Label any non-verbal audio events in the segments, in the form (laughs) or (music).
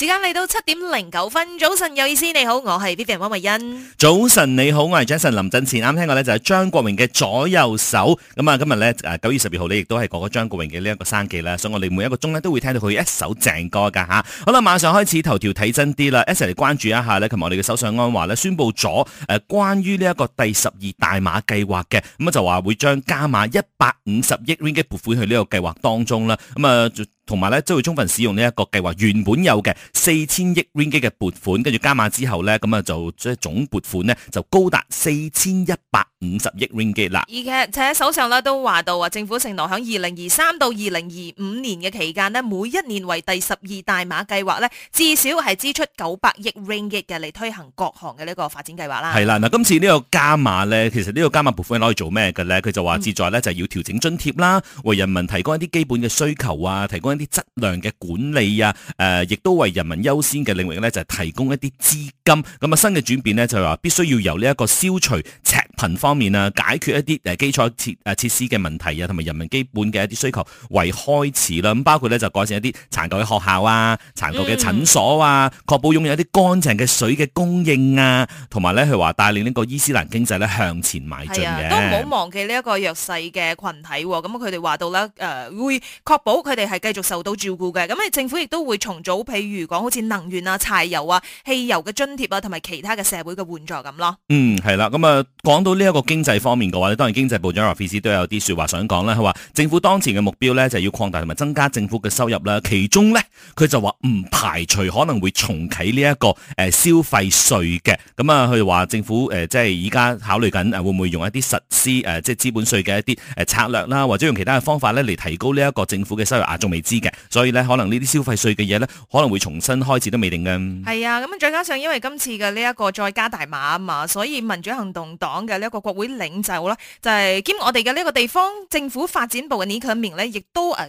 時間嚟到七點零九分，早晨有意思，你好，我係 Vivian 汪慧欣。早晨你好，我係 Jason 林振前。啱聽過咧就係張國榮嘅左右手，咁、嗯、啊今日咧 9, 日咧誒九月十二號咧亦都係講咗張國榮嘅呢一個生記啦，所以我哋每一個鐘咧都會聽到佢一首正歌噶吓、啊。好啦，馬上開始頭條睇真啲啦，一齊嚟關注一下咧，同埋我哋嘅首相安華咧宣布咗誒、呃、關於呢一個第十二大馬計劃嘅，咁、嗯、啊就話會將加碼一百五十億 ringgit 撥款去呢個計劃當中啦，咁、嗯、啊。呃同埋咧，都會充分使用呢一個計劃原本有嘅四千億 ringgit 嘅撥款，跟住加碼之後咧，咁啊就即係、就是、總撥款呢，就高達四千一百五十億 ringgit 啦。而且喺手上咧都話到啊，政府承諾響二零二三到二零二五年嘅期間呢，每一年為第十二大馬計劃咧，至少係支出九百億 ringgit 嘅嚟推行各行嘅呢個發展計劃啦。係啦，嗱，今次呢個加碼咧，其實呢個加碼撥款可以做咩嘅咧？佢就話自在咧就是、要調整津貼啦，為人民提供一啲基本嘅需求啊，提供。啲質量嘅管理啊，誒亦都為人民優先嘅領域咧，就係提供一啲資金。咁啊，新嘅轉變咧，就係話必須要由呢一個消除赤。貧方面啊，解決一啲誒基礎設誒設施嘅問題啊，同埋人民基本嘅一啲需求為開始啦。咁包括咧就改善一啲殘舊嘅學校啊、嗯、啊，殘舊嘅診所啊，確保擁有一啲乾淨嘅水嘅供應啊，同埋咧佢話帶領呢個伊斯蘭經濟咧向前邁進嘅。都唔好忘記呢一個弱勢嘅群體，咁佢哋話到啦誒、呃、會確保佢哋係繼續受到照顧嘅。咁啊，政府亦都會重組譬如講好似能源啊、柴油啊、汽油嘅津貼啊，同埋其他嘅社會嘅援助咁咯。嗯，係啦，咁啊講到。到呢一個經濟方面嘅話呢，當然經濟部長阿菲斯都有啲說話想講啦。佢話政府當前嘅目標呢，就係要擴大同埋增加政府嘅收入啦。其中呢，佢就話唔排除可能會重啟呢一個消費稅嘅。咁啊，佢話政府、呃、即係依家考慮緊會唔會用一啲實施、呃、即係資本稅嘅一啲誒策略啦，或者用其他嘅方法呢嚟提高呢一個政府嘅收入額，仲未知嘅。所以呢，可能呢啲消費稅嘅嘢呢可能會重新開始都未定嘅。係啊，咁再加上因為今次嘅呢一個再加大碼啊嘛，所以民主行動黨嘅。呢、這、一個國會領袖啦，就係、是、兼我哋嘅呢一個地方政府發展部嘅呢個面咧，亦都誒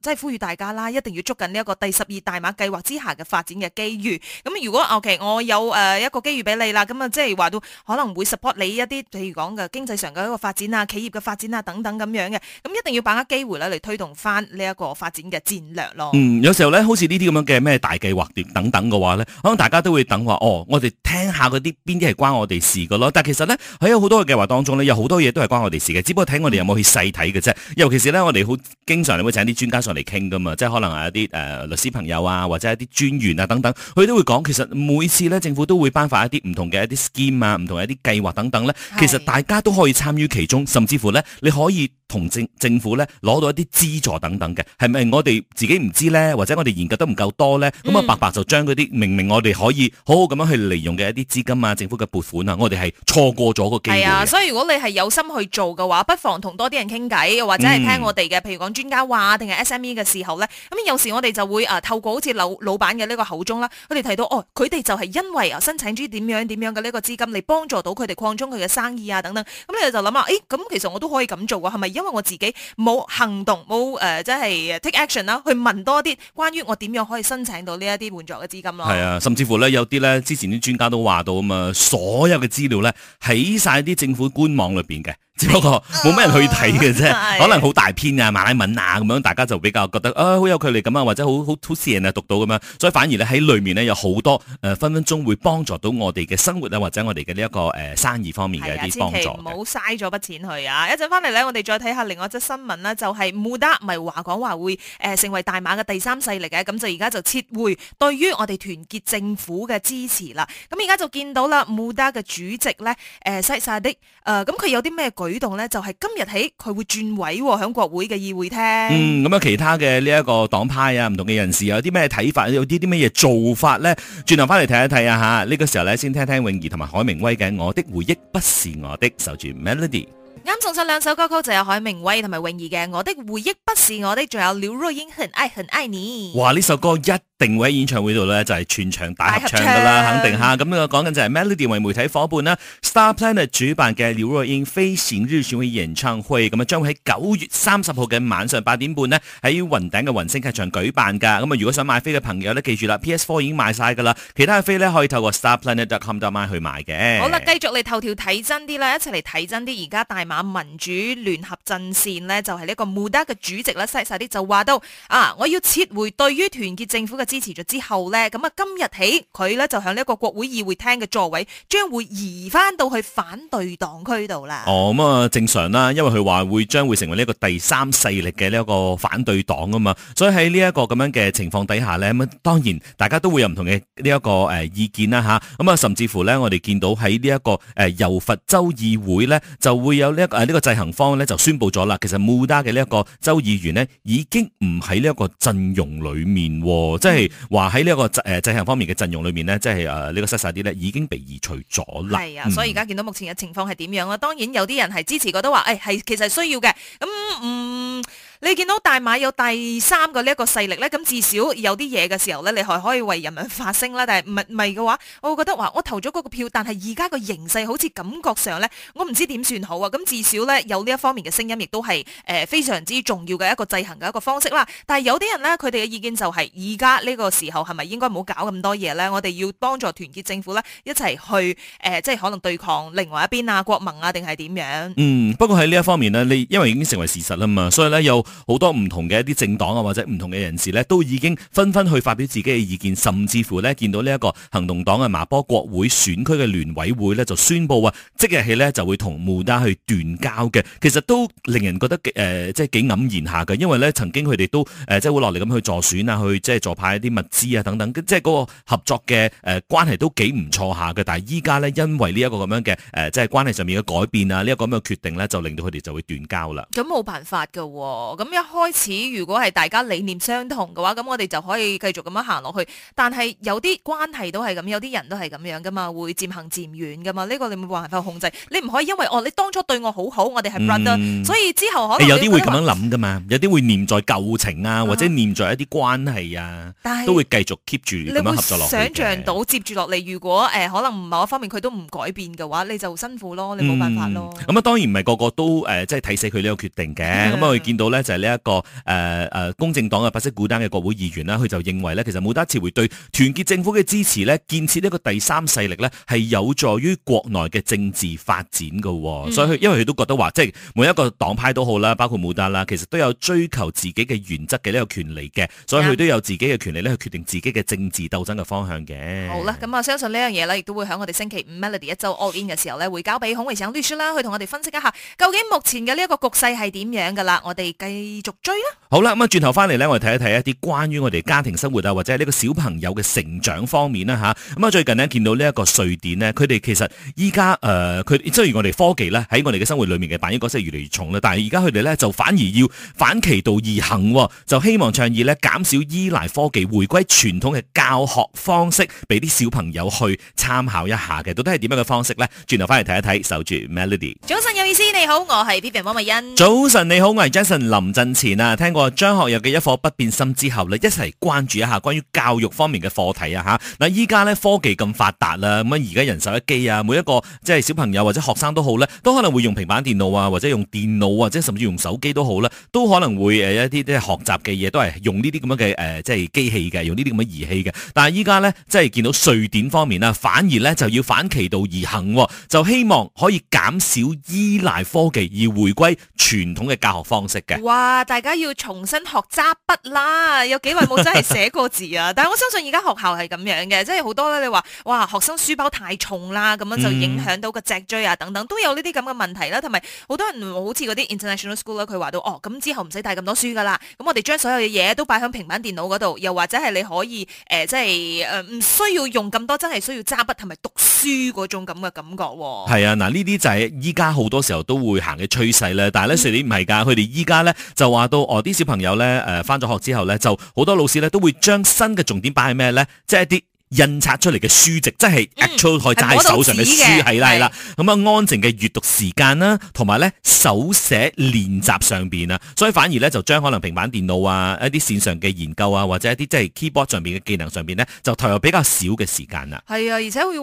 即係呼籲大家啦，一定要捉緊呢一個第十二大馬計劃之下嘅發展嘅機遇。咁、嗯、如果 OK，我有、呃、一個機遇俾你啦，咁、嗯、啊，即係話到可能會 support 你一啲，譬如講嘅經濟上嘅一個發展啊，企業嘅發展啊等等咁樣嘅，咁、嗯、一定要把握機會啦嚟推動翻呢一個發展嘅戰略咯。嗯，有時候咧，好似呢啲咁樣嘅咩大計劃等等嘅話咧，可能大家都會等話，哦，我哋聽下嗰啲邊啲係關我哋事嘅咯。但係其實咧，喺～好多嘅計劃當中咧，有好多嘢都係關我哋事嘅，只不過睇我哋有冇去細睇嘅啫。尤其是咧，我哋好經常你會請啲專家上嚟傾噶嘛，即係可能係一啲誒、呃、律師朋友啊，或者一啲專員啊等等，佢都會講。其實每次咧，政府都會頒發一啲唔同嘅一啲 scheme 啊，唔同嘅一啲計劃等等咧，其實大家都可以參與其中，甚至乎咧，你可以。同政政府咧攞到一啲資助等等嘅，係咪我哋自己唔知咧，或者我哋研究得唔夠多咧？咁、嗯、啊，白白就將嗰啲明明我哋可以好好咁樣去利用嘅一啲資金啊、政府嘅撥款啊，我哋係錯過咗個機會。係啊，所以如果你係有心去做嘅話，不妨同多啲人傾偈，或者係聽我哋嘅、嗯，譬如講專家話定係 SME 嘅時候咧，咁有時我哋就會、啊、透過好似老老闆嘅呢個口中啦，佢哋提到哦，佢哋就係因為申請啲點樣點樣嘅呢個資金嚟幫助到佢哋擴充佢嘅生意啊等等，咁你就諗啊，誒、哎、咁其實我都可以咁做啊，係咪？因為我自己冇行動，冇誒，即、呃、係、就是、take action 啦，去問多啲關於我點樣可以申請到呢一啲援助嘅資金咯。係啊，甚至乎咧，有啲咧，之前啲專家都話到啊嘛，所有嘅資料咧喺晒啲政府官網裏邊嘅，只不過冇咩人去睇嘅啫，可能好大篇啊，馬拉文啊咁樣，大家就比較覺得啊，好、啊、有距離咁啊，或者好好 too 啊，讀到咁樣，所以反而咧喺裏面咧有好多誒、呃、分分鐘會幫助到我哋嘅生活啊，或者我哋嘅呢一個誒、呃、生意方面嘅一啲幫助、啊，千祈唔好嘥咗筆錢去啊！一陣翻嚟咧，我哋再睇。下另外一則新聞呢，就係 Mooda 唔係話講話會誒成為大馬嘅第三勢力嘅，咁就而家就撤回對於我哋團結政府嘅支持啦。咁而家就見到啦，Mooda 嘅主席咧誒賽沙迪誒，咁、呃、佢、呃、有啲咩舉動咧？就係、是、今日起佢會轉位喎、哦，響國會嘅議會廳。嗯，咁樣其他嘅呢一個黨派啊，唔同嘅人士有啲咩睇法？有啲啲咩嘢做法咧？轉頭翻嚟睇一睇啊！嚇，呢個時候咧，先聽聽泳兒同埋海明威嘅《我的回憶不是我的》，守住 Melody。啱送上兩首歌曲，就有海明威同埋泳兒嘅《我的回憶不是我的》，仲有劉若英《很愛很愛你》。哇！呢首歌一定會喺演唱會度咧，就係全場大合唱噶啦，肯定嚇。咁啊，我講緊就係 Melody 為媒體伙伴啦，Starplanet 主辦嘅廖瑞英飛閃於演唱會，咁啊將會喺九月三十號嘅晚上八點半呢，喺雲頂嘅雲星劇場舉辦㗎。咁啊，如果想買飛嘅朋友呢，記住啦，PS Four 已經賣晒㗎啦，其他嘅飛呢，可以透過 Starplanet.com.my 買去買嘅。好啦，繼續嚟頭條睇真啲啦，一齊嚟睇真啲。而家大馬民主聯合陣線呢，就係呢一個 MUDA 嘅主席咧，賽沙迪就話到啊，我要撤回對於團結政府嘅。支持咗之後咧，咁啊今日起佢咧就喺呢一個國會議會廳嘅座位將會移翻到去反對黨區度啦。哦，咁、嗯、啊正常啦，因為佢話會將會成為呢一個第三勢力嘅呢一個反對黨啊嘛。所以喺呢一個咁樣嘅情況底下咧，咁啊當然大家都會有唔同嘅呢一個誒、呃、意見啦吓，咁、嗯、啊甚至乎咧，我哋見到喺呢一個誒柔、呃、佛州議會咧，就會有呢、這、一個呢、啊這個制衡方咧就宣布咗啦。其實 Muda 嘅呢一個州議員呢，已經唔喺呢一個陣容裡面，即、哦、係。嗯話喺呢一個誒，陣型方面嘅陣容裏面咧，即係誒呢個失散啲咧，已經被移除咗啦。係啊，所以而家見到目前嘅情況係點樣啊。當然有啲人係支持過都，覺得話誒係，其實是需要嘅。咁嗯。你見到大馬有第三個呢一個勢力呢，咁至少有啲嘢嘅時候呢，你係可以為人民發聲啦。但係唔係嘅話，我會覺得話我投咗嗰個票，但係而家個形勢好似感覺上呢，我唔知點算好啊。咁至少呢，有呢一方面嘅聲音，亦都係誒非常之重要嘅一個制衡嘅一個方式啦。但係有啲人呢，佢哋嘅意見就係而家呢個時候係咪應該唔好搞咁多嘢呢？我哋要幫助團結政府呢，一齊去誒，即係可能對抗另外一邊啊，國盟啊，定係點樣？嗯，不過喺呢一方面呢，你因為已經成為事實啦嘛，所以呢又。好多唔同嘅一啲政黨啊，或者唔同嘅人士咧，都已經紛紛去發表自己嘅意見，甚至乎咧見到呢一個行動黨嘅麻坡國會選區嘅聯委會咧，就宣布啊，即日起咧就會同穆達去斷交嘅。其實都令人覺得幾，誒、即、呃、係幾黯然下嘅，因為咧曾經佢哋都誒、呃，即係會落嚟咁去助選啊，去即係助派一啲物資啊等等，即係嗰個合作嘅誒、呃、關係都幾唔錯下嘅。但係依家咧，因為呢一個咁樣嘅誒、呃，即係關係上面嘅改變啊，呢、這、一個咁嘅決定咧，就令到佢哋就會斷交啦。咁冇辦法噶、哦。咁一開始，如果係大家理念相同嘅話，咁我哋就可以繼續咁樣行落去。但係有啲關係都係咁，有啲人都係咁樣噶嘛，會漸行漸遠噶嘛。呢、呢個你冇辦法控制。你唔可以因為哦，你當初對我好好，我哋係 brother，所以之後可能、欸、有啲會咁樣諗噶嘛。有啲會念在舊情啊，或者念在一啲關係啊，啊，都會繼續 keep 住咁樣合作落去嘅。想象到接住落嚟，如果誒、呃、可能某一方面佢都唔改變嘅話，你就辛苦咯，你冇辦法咯。咁、嗯、啊，當然唔係個個都誒，即係睇死佢呢個決定嘅。咁我哋見到咧。就係呢一個誒誒、呃、公正黨嘅巴西古當嘅國會議員啦，佢就認為咧，其實穆達撤回對團結政府嘅支持咧，建設呢個第三勢力咧，係有助於國內嘅政治發展噶、哦嗯。所以佢因為佢都覺得話，即係每一個黨派都好啦，包括穆達啦，其實都有追求自己嘅原則嘅呢個權利嘅，所以佢都有自己嘅權利去決定自己嘅政治鬥爭嘅方向嘅、嗯。好啦，咁啊，相信呢樣嘢呢，亦都會喺我哋星期五 Melody 一週 all in 嘅時候呢，會交俾孔維祥律師啦，去同我哋分析一下究竟目前嘅呢一個局勢係點樣噶啦。我哋繼。繼續追啊！好啦，咁啊轉頭翻嚟咧，我哋睇一睇一啲關於我哋家庭生活啊，或者係呢個小朋友嘅成長方面啦，吓咁啊最近呢，見到呢一個瑞典呢，佢哋其實依家誒，佢即係我哋科技咧喺我哋嘅生活裏面嘅扮演角色越嚟越重啦，但係而家佢哋咧就反而要反其道而行，就希望倡議咧減少依賴科技，回歸傳統嘅教學方式，俾啲小朋友去參考一下嘅。到底係點樣嘅方式咧？轉頭翻嚟睇一睇，守住 Melody。早晨有意思，你好，我係 Peter 汪美欣。早晨你好，我係 Jason 林唔，鄭前啊，聽過張學友嘅一顆不變心之後咧，一齊關注一下關於教育方面嘅課題啊吓。嗱，依家咧科技咁發達啦，咁啊而家人手一機啊，每一個即係小朋友或者學生都好咧，都可能會用平板電腦啊，或者用電腦啊，或者甚至用手機都好啦，都可能會誒一啲啲學習嘅嘢都係用呢啲咁樣嘅誒即係機器嘅，用呢啲咁嘅儀器嘅。但係依家咧即係見到瑞典方面啊，反而咧就要反其道而行，就希望可以減少依賴科技而回歸傳統嘅教學方式嘅。哇！大家要重新學揸筆啦，有幾位冇真係寫過字啊？ (laughs) 但係我相信而家學校係咁樣嘅，即係好多咧。你話哇，學生書包太重啦，咁樣就影響到個脊椎啊等等，都有呢啲咁嘅問題啦。同埋好多人好似嗰啲 international school 咧，佢話到哦，咁之後唔使帶咁多書噶啦，咁我哋將所有嘅嘢都擺喺平板電腦嗰度，又或者係你可以誒，即係誒唔需要用咁多，真係需要揸筆同埋讀書嗰種咁嘅感覺喎、喔。係啊，嗱呢啲就係依家好多時候都會行嘅趨勢啦。但係咧，瑞典、嗯、唔係㗎，佢哋依家咧。就話到哦，啲小朋友咧，誒、呃，翻咗學之後咧，就好多老師咧都會將新嘅重點擺喺咩咧，即係一啲。印刷出嚟嘅書籍，即係 actual 揸、嗯、手上嘅書係啦啦。咁啊，安靜嘅閱讀時間啦，同埋咧手寫練習上面啊，所以反而咧就將可能平板電腦啊、一啲線上嘅研究啊，或者一啲即係 keyboard 上面嘅技能上面咧，就投入比較少嘅時間啦。係啊，而且會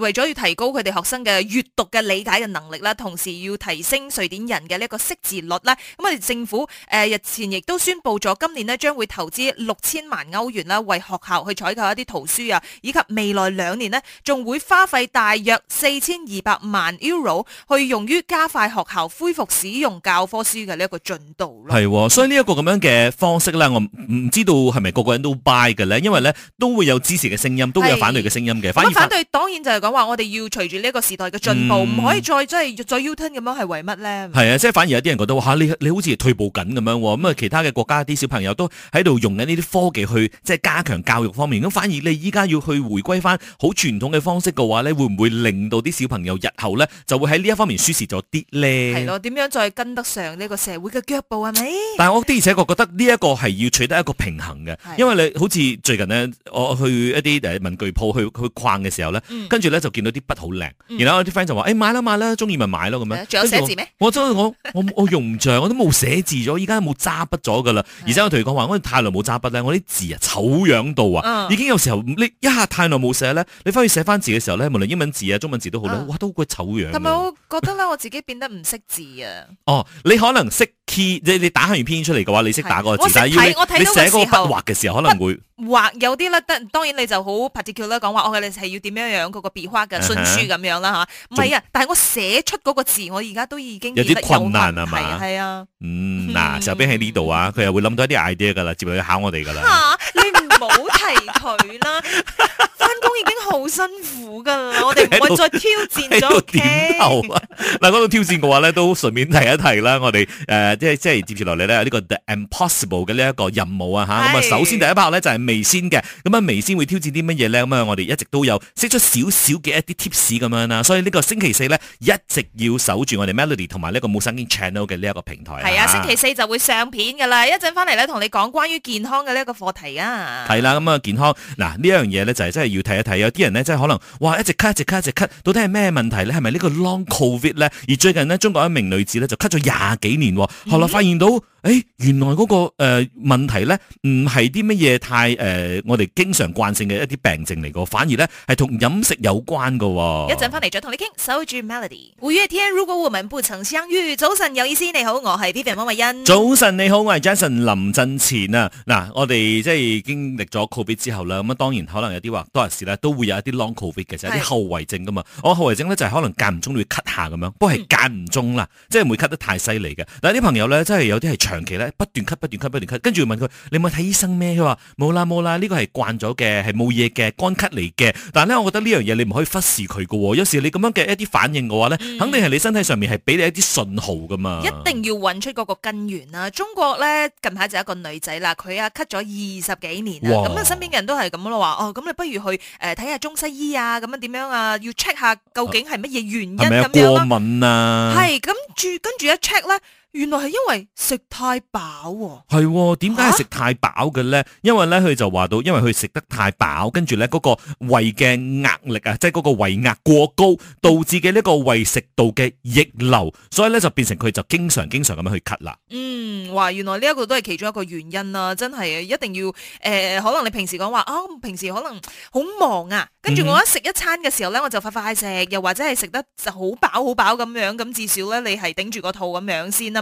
為咗要提高佢哋學生嘅閱讀嘅理解嘅能力啦，同時要提升瑞典人嘅呢個個識字率啦。咁我哋政府日、呃、前亦都宣布咗，今年呢將會投資六千萬歐元啦，為學校去採購一啲圖書啊。以及未來兩年呢，仲會花費大約四千二百萬歐羅去用於加快學校恢復使用教科書嘅呢一個進度咯。係、哦，所以呢一個咁樣嘅方式咧，我唔知道係咪個個人都 buy 嘅咧，因為咧都會有支持嘅聲音，都會有反對嘅聲音嘅。咁反，反、嗯、反對當然就係講話，我哋要隨住呢一個時代嘅進步，唔可以再即係再 U-turn 咁樣，係為乜咧？係啊，即係反而有啲人覺得嘩，你你好似退步緊咁樣喎。咁、嗯、啊，其他嘅國家啲小朋友都喺度用緊呢啲科技去即係加強教育方面，咁反而你依家要。去回歸翻好傳統嘅方式嘅話咧，會唔會令到啲小朋友日後咧就會喺呢一方面輸蝕咗啲咧？係咯，點樣再跟得上呢個社會嘅腳步啊？咪？但係我的而且確覺得呢一個係要取得一個平衡嘅，因為你好似最近咧，我去一啲文具鋪去去逛嘅時候咧、嗯，跟住咧就見到啲筆好靚、嗯，然後我啲 friend 就話，誒、哎、買啦買啦，中意咪買咯咁樣。仲有寫字咩？我真係我我我用唔著，我都冇寫字咗，而家冇揸筆咗噶啦。而且我同你講話，我， (laughs) 我，我太耐冇揸筆啦，我啲字啊醜樣到啊、嗯，已經有時候一下太耐冇寫咧，你翻去寫翻字嘅時候咧，無論英文字啊、中文字都好咧、啊，哇都好鬼醜樣。係咪？我覺得咧，我自己變得唔識字啊。 (laughs) 哦，你可能識 key，即係你打完拼音出嚟嘅話，你識打嗰個字，我但係要你寫嗰個筆畫嘅時候，可能會畫有啲咧。當然你就好 particular 咧，講話我嘅你係要點樣、那個、筆樣嗰個筆畫嘅順序咁樣啦吓。唔、uh、係 -huh，啊，但係我寫出嗰個字，我而家都已經有啲困難啊咪？係啊，嗯嗱，就兵喺呢度啊，佢、啊、又會諗到一啲 idea 噶啦，接落去考我哋噶啦。啊 (laughs) 冇提佢啦。工已經好辛苦噶啦，我哋唔會再挑戰咗。喺度點頭啊！嗱，嗰度挑戰嘅話咧，都順便提一提啦。我哋誒、呃呃，即係即係接住落嚟咧，呢、這個、The、Impossible 嘅呢一個任務啊吓。咁啊，首先第一 part 咧就係微先嘅。咁啊，微先會挑戰啲乜嘢咧？咁啊，我哋一直都有識出少少嘅一啲 tips 咁樣啦。所以呢個星期四咧，一直要守住我哋 Melody 同埋呢個冇生境 channel 嘅呢一個平台。係啊，星期四就會上片噶啦。一陣翻嚟咧，同你講關於健康嘅呢一個課題啊。係啦，咁、嗯、啊，健康嗱呢、啊、樣嘢咧就係真係要。睇一睇，有啲人咧，即係可能，哇，一直咳，一直咳，一直咳，到底係咩問題咧？係咪呢個 Long Covid 咧？而最近呢，中國一名女子咧就咳咗廿幾年，後來發現到，誒、嗯哎，原來嗰、那個誒、呃、問題咧，唔係啲乜嘢太誒、呃，我哋經常慣性嘅一啲病症嚟個，反而咧係同飲食有關噶、哦。一陣翻嚟再同你傾。守住 Melody，五月天，如果我們不曾相遇。早晨有意思，你好，我係 Vivian 王慧欣。早晨你好，我係 Jason 林振前啊。嗱，我哋即係經歷咗 Covid 之後啦，咁啊，當然可能有啲話都係。多都會有一啲 long covid 嘅，就係、是、啲後遺症噶嘛。我後遺症咧就係可能間唔中都會咳下咁樣、嗯，不過係間唔中啦，即係唔會咳得太犀利嘅。但係啲朋友咧，真係有啲係長期咧不斷咳、不斷咳、不斷咳，跟住問佢：你冇睇醫生咩？佢話冇啦冇啦，呢個係慣咗嘅，係冇嘢嘅乾咳嚟嘅。但係咧，我覺得呢樣嘢你唔可以忽視佢嘅喎。有時你咁樣嘅一啲反應嘅話咧，肯定係你身體上面係俾你一啲信號噶嘛、嗯。一定要揾出嗰個根源啦。中國咧近排就有一個女仔啦，佢啊咳咗二十幾年啦，咁啊身邊嘅人都係咁咯話：哦，咁你不如去。誒、呃，睇下中西醫啊，咁樣點樣啊，要 check 下究竟係乜嘢原因咁、啊啊、樣啊係，咁住、啊、跟住一 check 咧。原來係因為食太飽喎，係點解係食太飽嘅咧？因為咧佢就話到，因為佢食得太飽，跟住咧嗰個胃嘅壓力啊，即係嗰個胃壓過高，導致嘅呢個胃食道嘅逆流，所以咧就變成佢就經常經常咁樣去咳啦。嗯，哇，原來呢一個都係其中一個原因啦，真係一定要誒，可能你平時講話啊，平時可能好忙啊，跟住我一食一餐嘅時候咧，我就快快食，又或者係食得就好飽好飽咁樣，咁至少咧你係頂住個肚咁樣先啦。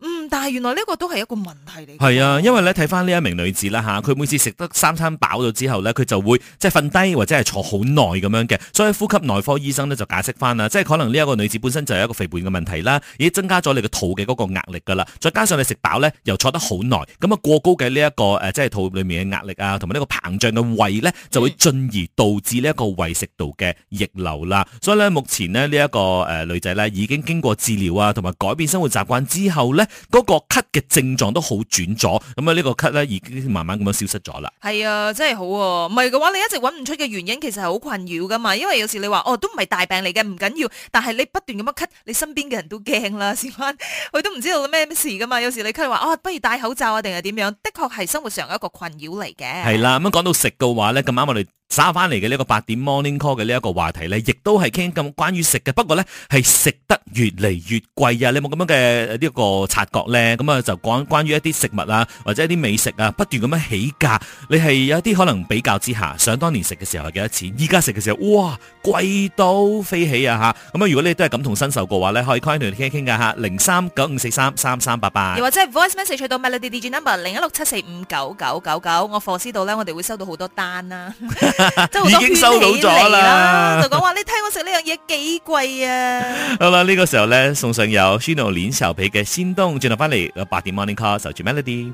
嗯，但係原來呢個都係一個問題嚟。係啊，因為咧睇翻呢一名女子啦吓，佢、啊、每次食得三餐飽咗之後呢，佢就會即係瞓低或者係坐好耐咁樣嘅。所以呼吸內科醫生呢，就解釋翻啊，即係可能呢一個女子本身就係一個肥胖嘅問題啦，已經增加咗你個肚嘅嗰個壓力噶啦，再加上你食飽呢，又坐得好耐，咁啊過高嘅呢一個誒、呃、即係肚裏面嘅壓力啊，同埋呢個膨脹嘅胃呢，就會進而導致呢一個胃食道嘅逆流啦、嗯。所以呢，目前呢，呢、這、一個誒、呃、女仔呢已經經過治療啊，同埋改變生活習慣之後呢。嗰個咳嘅症狀都好轉咗，咁啊呢個咳咧已經慢慢咁樣消失咗啦。係啊，真係好啊。唔係嘅話你一直揾唔出嘅原因，其實係好困擾噶嘛。因為有時你話哦，都唔係大病嚟嘅，唔緊要，但係你不斷咁樣咳，你身邊嘅人都驚啦。事關佢都唔知道咩事噶嘛。有時你咳話哦，不如戴口罩啊，定係點樣？的確係生活上一個困擾嚟嘅。係啦，咁樣講到食嘅話咧，咁啱我哋。耍翻嚟嘅呢個個八點 morning call 嘅呢一個話題咧，亦都係傾咁關於食嘅。不過咧係食得越嚟越貴啊！你有冇咁樣嘅呢個個察覺咧？咁啊就講關於一啲食物啊，或者一啲美食啊，不斷咁樣起價。你係有一啲可能比較之下，想當年食嘅時候係幾多錢，而家食嘅時候哇貴到飛起啊！吓、啊、咁啊，啊！如果你都係感同身受嘅話咧，可以 continue 傾一傾嘅吓，零三九五四三三三八八。又或者 voice message 去到 Melody digital number 零一六七四五九九九九，我課師度咧，我哋會收到好多單啦、啊。 (laughs) (laughs) 已經收到咗啦， (laughs) 就講話你聽我食呢樣嘢幾貴啊 (laughs) 好了！好啦，呢個時候咧，送上由 Snow 臉手皮嘅先，東轉頭翻嚟有八點 Morning Call，收住 Melody。